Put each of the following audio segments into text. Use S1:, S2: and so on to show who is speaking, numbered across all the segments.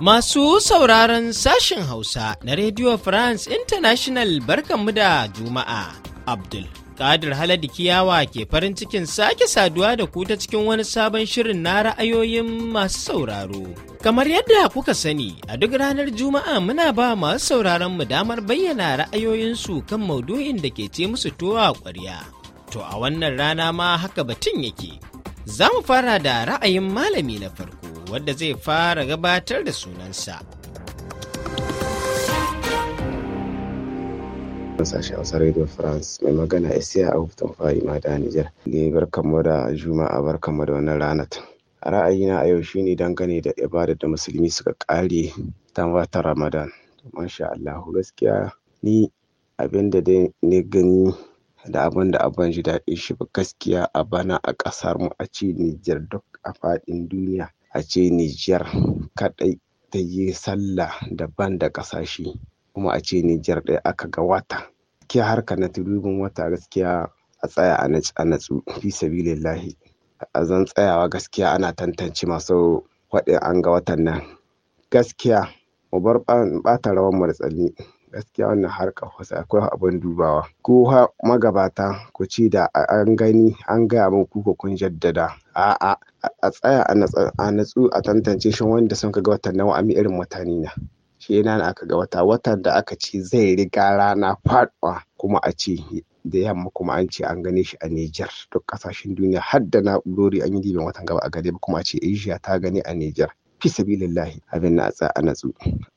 S1: Masu sauraron sashen Hausa na Radio France International barkanmu da Juma'a, Abdul. Kadir Haladu Kiyawa ke farin cikin sake saduwa da ku ta cikin wani sabon shirin na ra'ayoyin masu sauraro. Kamar yadda kuka sani, a duk ranar Juma'a muna ba masu sauraron mu damar bayyana ra'ayoyinsu kan maudu'in da ke ce musu towa ƙwarya. To a wannan rana ma haka batun yake. Za mu fara da ra'ayin malami na farko wadda zai fara gabatar da sunansa.
S2: sashen Hausa Radio France mai magana Isiya Abubakar Fari da Nijar. Ne kamar da Juma'a kamar da wannan ranar. Ra'ayina a yau shine dangane da ibadar da musulmi suka kare ta wata Ramadan. Masha Allah gaskiya ni abin da dai gani da abin a ban ji daɗin shi ba gaskiya a bana a ƙasar mu a ce Nijar duk a faɗin duniya a ce Nijar kaɗai ta yi sallah daban da ƙasashe kuma a ce Nijar ɗaya aka ga wata. Ke harka na tudubin wata gaskiya a tsaya a natsu fi sabilillahi a zan tsayawa gaskiya ana tantance masu waɗin an ga watan nan gaskiya mu bar ɓata rawan mu da gaskiya wannan harkar Hausa akwai abin dubawa Kowa fa magabata ku ce da an gani an gaya muku ko kun jaddada a'a a tsaya a natsu a tantance shi wanda sun kaga watan nawa amin irin mutane na shi aka ga wata watan da aka ce zai riga rana faɗuwa kuma a ce da yamma kuma an ce an gane shi a Niger. duk kasashen duniya har da na'urori an yi dibin watan gaba a gare ba kuma a ce Asia ta gani a Niger. fi sabilillahi abin na a natsu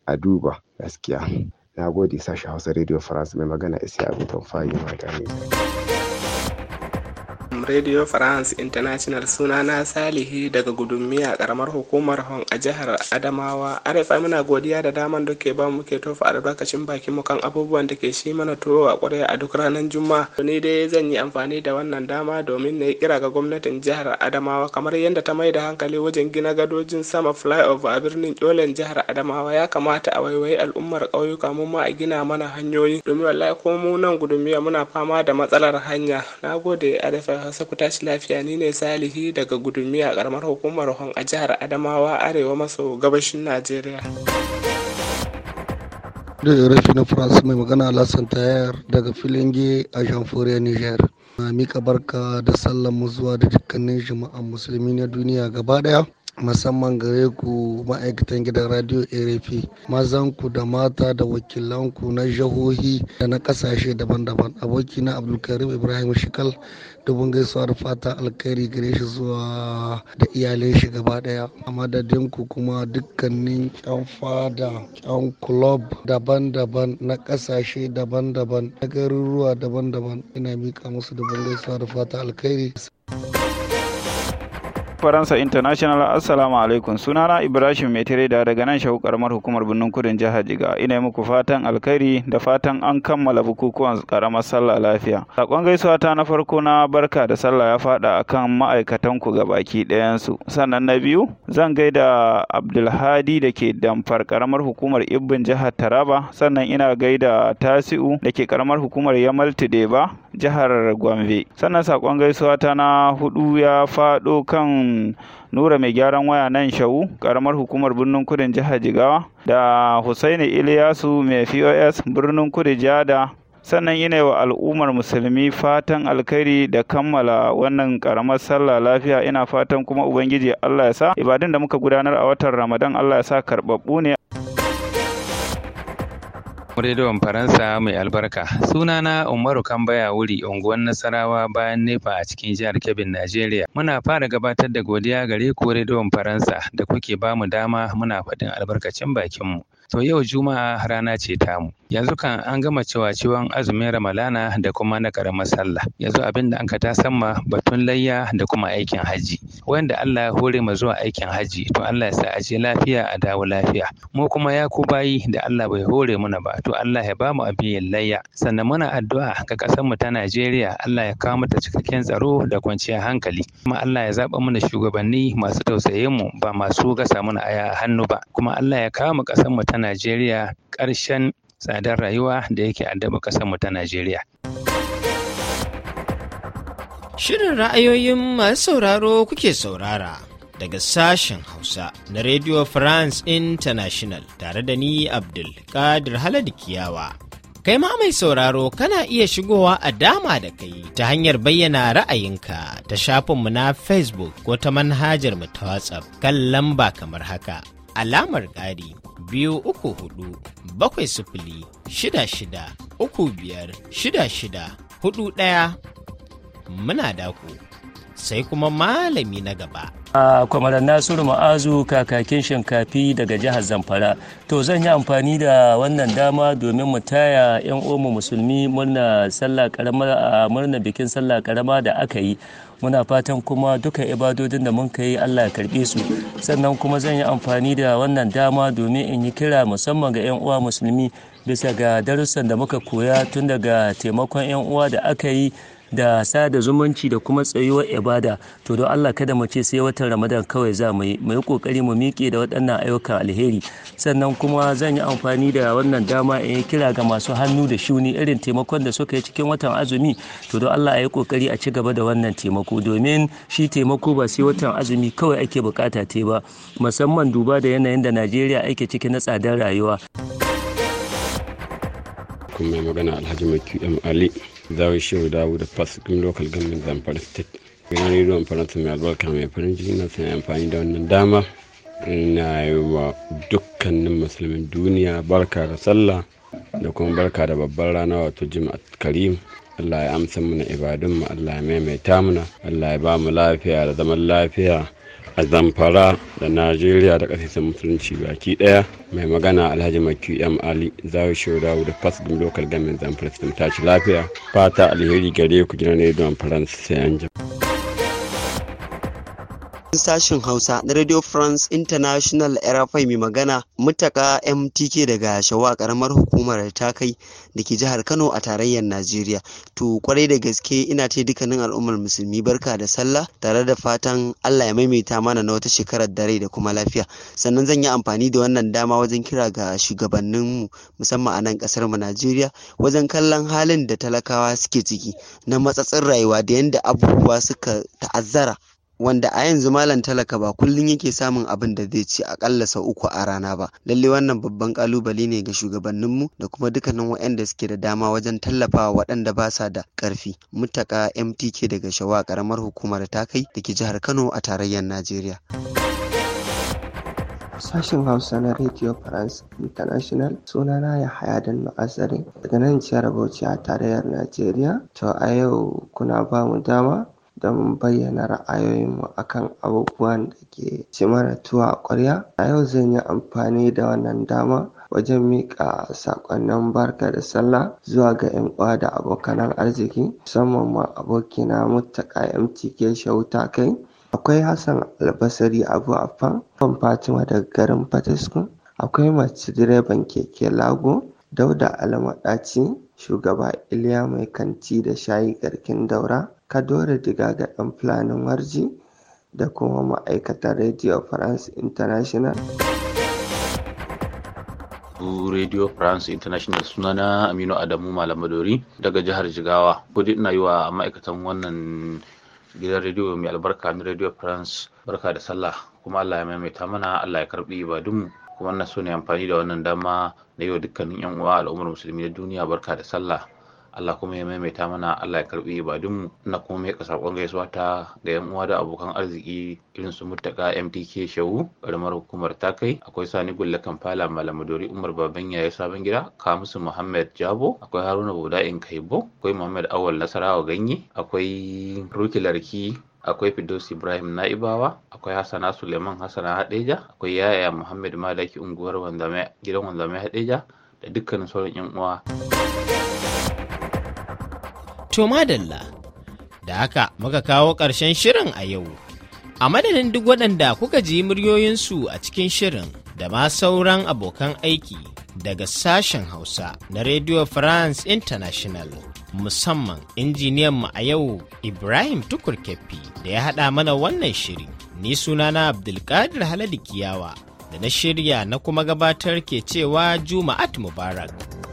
S2: a duba gaskiya na gode sashi hausa radio france mai magana isi abin tamfayi mata ne radio france international sunana salihi daga gudunmiya karamar hukumar hon a jihar adamawa arefa muna godiya da daman da ke ba mu ke tofa albarkacin bakin mu kan abubuwan da ke shi mana tuwo a ƙwarya a duk ranar juma'a ni dai zan yi amfani da wannan dama domin na yi kira ga gwamnatin jihar adamawa kamar yadda ta mai da hankali wajen gina gadojin sama flyover a birnin kyolen jihar adamawa ya kamata a waiwayi al'ummar ƙauyuka mu ma a gina mana hanyoyi domin wallahi ko mu nan gudunmiya muna fama da matsalar hanya na gode arefa Hausa ku tashi lafiya ni ne Salihi daga gudunmiya a karamar hukumar Hon a jihar Adamawa Arewa maso gabashin Najeriya. daga rashi na france mai magana lasan tayar daga filinge a jamhuriyar niger mika barka da sallan zuwa da dukkanin jama'an musulmi na duniya gaba daya musamman gare ku ma'aikatan gidan radio mazan mazanku da mata da wakilanku na jihohi da na kasashe daban-daban abokina abdulkarim ibrahim shikal dubin gaisuwa da fata alkhairi gare shi zuwa da iyalai shi gaba daya a madadin ku kuma dukkanin yan fada yan kulob daban-daban na kasashe daban-daban na garuruwa daban-daban ina mika musu dubin gaisuwa da fata alkhairi Faransa International Assalamu alaikum sunana Ibrahim Metere daga nan shahu karamar hukumar birnin kudin jihar Jiga ina yi muku fatan alkhairi da fatan an kammala bukukuwan karamar sallah lafiya sakon gaisuwa ta na farko na barka da sallah ya fada akan ma'aikatan ku ga baki dayansu sannan na biyu zan gaida Abdulhadi da ke damfar karamar hukumar Ibbin jihar Taraba sannan ina gaida Tasi'u da ke karamar hukumar Yamal Tudeba jihar Gombe. Sannan sakon gaisuwa ta na hudu ya faɗo kan Nura mai gyaran waya nan Shau, karamar hukumar birnin kudin jihar Jigawa da Husaini Iliyasu mai POS birnin kudu Jada sannan yana wa al'ummar musulmi fatan alkhairi da kammala wannan karamar sallah lafiya ina fatan kuma ubangiji Allah ya sa ibadun da muka gudanar a watan Ramadan Allah ya sa karɓaɓɓu ne
S1: Rediyon Faransa mai albarka.
S2: Sunana Umaru
S1: Kambaya Wuri, unguwar Nasarawa bayan Nefa a cikin jihar Kebbin, Najeriya. Muna fara gabatar da godiya gare ku Rediyon Faransa da kuke bamu dama muna faɗin albarkacin bakinmu. To yau Juma'a rana ce tamu. Yanzu kan an gama cewa ciwon azumin Ramalana da kuma na karamar sallah. Yanzu abin da an ka ta samma batun layya da kuma aikin haji. Wanda Allah ya hore mu zuwa aikin haji to Allah ya sa a je lafiya a dawo lafiya. Mu kuma ya ku bayi da Allah bai hore muna ba to Allah ya bamu mu abin layya. Sannan muna addu'a ga ƙasar mu ta Najeriya Allah ya kawo mata cikakken tsaro da kwanciyar hankali. Kuma Allah ya zaba mana shugabanni masu tausayin mu ba masu gasa mana aya hannu ba. Kuma Allah ya kawo mu ƙasar mu ta Najeriya ƙarshen tsadar rayuwa da yake addaba ƙasarmu ta Najeriya. Shirin ra'ayoyin masu sauraro kuke saurara daga sashen Hausa na Radio France International tare da ni Abdul Kadir Halad Kiyawa. Kai ma mai sauraro kana iya shigowa a dama da kai ta hanyar bayyana ra'ayinka ta shafinmu na Facebook ko ta manhajar mu ta WhatsApp kan lamba kamar haka. Alamar ƙari biyu uku hudu bakwai sifili shida shida uku biyar shida shida hudu ɗaya muna daku. sai kuma malami na gaba. A kwamarar Nasiru Ma'azu kakakin shinkafi daga jihar Zamfara. To zan yi amfani da wannan dama domin mu taya 'yan omu musulmi murna sallah karama murna bikin sallah karama da aka yi. muna fatan kuma duka ibadodin da mun yi Allah ya karbe su sannan kuma zan yi amfani da wannan dama domin in yi kira musamman ga 'yan uwa musulmi bisa ga darussan da muka koya tun daga taimakon 'yan uwa da aka yi da sada zumunci da kuma tsayuwar ibada to don Allah kada mu ce sai watan Ramadan kawai za mu yi mu kokari mu miƙe da waɗannan ayyukan alheri sannan kuma zan yi amfani da wannan dama in yi kira ga masu hannu da shuni irin taimakon da suka yi cikin watan azumi to don Allah a yi kokari a ci gaba da wannan taimako domin shi taimako ba sai watan azumi kawai ake bukata te ba musamman duba da yanayin da Najeriya ake ciki na tsadar
S2: rayuwa. kuma magana Alhaji mai qm Ali zawai shehu dawo da fasikin local government zamfara state ne rediyon faransa mai albarka mai farin jini na sanya amfani da wannan dama ina yi wa dukkanin musulmin duniya barka da sallah da kuma barka da babbar rana wato jima'at karim allah ya amsa mana ibadunmu allah ya maimaita muna allah ya ba mu lafiya da zaman lafiya a zamfara da najeriya da ƙasashen musulunci baki ɗaya mai magana alhaji maki m ali zawo shirawu da din Lokal Gamin zamfara ta ci lafiya fata alheri gare ku ne don faransa sai an
S1: sashin Hausa na Radio France International RFI mai magana mutaka MTK daga Shawa karamar hukumar Ta-kai da ke jihar Kano a tarayyar Najeriya. To kwarai da gaske ina ce dukkanin al'ummar musulmi barka da sallah tare da fatan Allah ya maimaita mana na wata shekarar dare da kuma lafiya. Sannan zan yi amfani da wannan dama wajen kira ga shugabanninmu musamman a nan kasar mu Najeriya wajen kallon halin da talakawa suke ciki na matsatsin rayuwa da yadda abubuwa suka ta'azzara wanda a yanzu malam talaka ba kullum yake samun abin da zai ci akalla sau uku a rana ba lalle wannan babban kalubale ne ga shugabanninmu da kuma dukkanin waɗanda suke da dama wajen tallafawa waɗanda ba sa da ƙarfi mutaka mtk daga shawa karamar hukumar takai da ke jihar kano a
S2: tarayyar najeriya sashen hausa na radio france international suna na ya haya don daga nan jihar bauchi a tarayyar najeriya to a yau kuna ba mu dama Don bayyana ra'ayoyinmu akan abubuwan da ke ci mana tuwo a ƙwarya. A yau zan yi amfani da wannan dama wajen miƙa saƙonnin barka da sallah zuwa ga 'yan uwa da abokanan arziki musamman ma abokina Muttaka MTK Shauta kai. Akwai Hassan Albasari Abu Affan, Fan Fatima daga garin fatiskum Akwai mace direban keke Lago, Dauda Almaɗaci, Shugaba Iliya Mai Kanti da Shayi Garkin Daura. ka dora Diga ga ɗan Fulani warji da kuma ma'aikatan Radio France International.
S1: Radio France International suna na Aminu Adamu Malam Madori daga jihar Jigawa. Kudi ina yi wa ma'aikatan wannan gidan rediyo mai albarka na Radio France barka da sallah kuma Allah ya maimaita mana Allah ya karbi ibadunmu kuma na so ne amfani da wannan dama na yi wa dukkanin 'yan uwa al'ummar musulmi na duniya barka da sallah Allah kuma ya maimaita mana Allah ya karbi mu na kuma mai kasar gaisuwa ta ga yan uwa da abokan arziki irin su mutaka MTK Shehu karamar hukumar ta kai akwai Sani Kampala Kamfala Dori Umar Babanya ya Sabon Gida Kamusu Muhammad Jabo akwai Haruna Boda in Kaibo akwai Muhammad Awal Nasarawa Ganye akwai Ruki Larki akwai Fidos Ibrahim Na'ibawa, akwai Hassana Suleiman Hassana Hadeja, akwai Yaya Muhammad Malaki unguwar gidan Wanzame Hadeja da dukkanin sauran 'yan uwa. To madalla, da haka muka kawo ƙarshen shirin a yau. A madadin duk waɗanda kuka ji muryoyinsu a cikin shirin da ma sauran abokan aiki daga sashen Hausa na Radio France International. Musamman injiniyan mu a yau Ibrahim Tukur da ya haɗa mana wannan shiri. Ni sunana Abdulkadir Haladu Kiyawa da na shirya na kuma gabatar ke cewa Juma'at Mubarak.